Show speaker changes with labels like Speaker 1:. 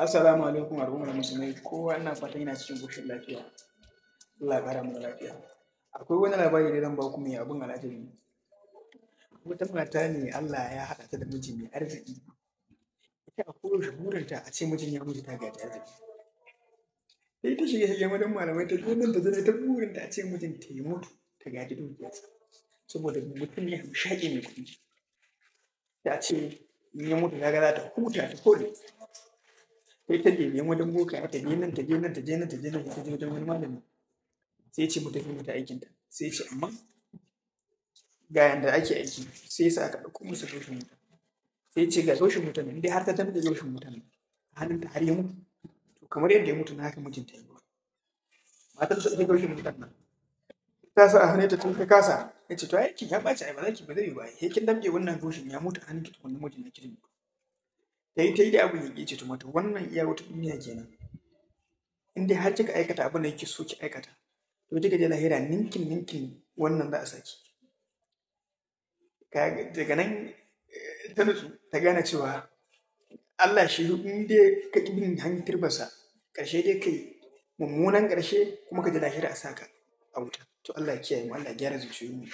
Speaker 1: Assalamu alaikum al'ummar musulmai kowa ina fatan yana cikin goshin lafiya. Allah ya kara mu lafiya. Akwai wani labari da zan ba ku mai abin al'ajabi. Wata mata ne Allah ya haɗa ta da miji mai arziki. Ita a koyaushe burinta a ce mijin ya mutu ta gaji arziki. Sai ta shiga shiga wajen malamai ta gonan da zai ta burinta a ce mijin ta yi mutu ta gaji dukiyarsa. Saboda mutum ne shaƙe mai kuɗi. Ta ce in ya mutu ta ga za ta huta ta kore. sai ta je wajen boka ta je nan ta je nan ta je nan ta je nan ta je wajen wani malami sai ce mu tafi mu ta aikin ta sai ce amma ga yanda ake aiki sai sa aka ɗauko musu toshin mutum sai ce ga toshin mutum inda har ta tafi da toshin mutum hannun ta har yi mutu to kamar yadda ya mutu na haka mijinta ya mutu matar su ake toshin mutum nan ta sa a hannun ta tun ta kasa ya ce to aiki ya ɓaci ai ba za ki ba zai yi ba sai kin damƙe wannan toshin ya mutu a hannun ki tukunna mijin na kirmi ta yi ta yi da abin yake ce to mata wannan iya wata duniya kenan in dai har kika aikata abin da yake so ki aikata to kika je lahira ninkin ninkin wannan za a saki daga nan eh, ta nutsu ta gane cewa Allah shi in dai ka ki bin hanyar ƙarshe dai kai mummunan karshe kuma ka ji lahira a saka a wuta to Allah ya kiyaye mu Allah ya gyara zuciyoyinmu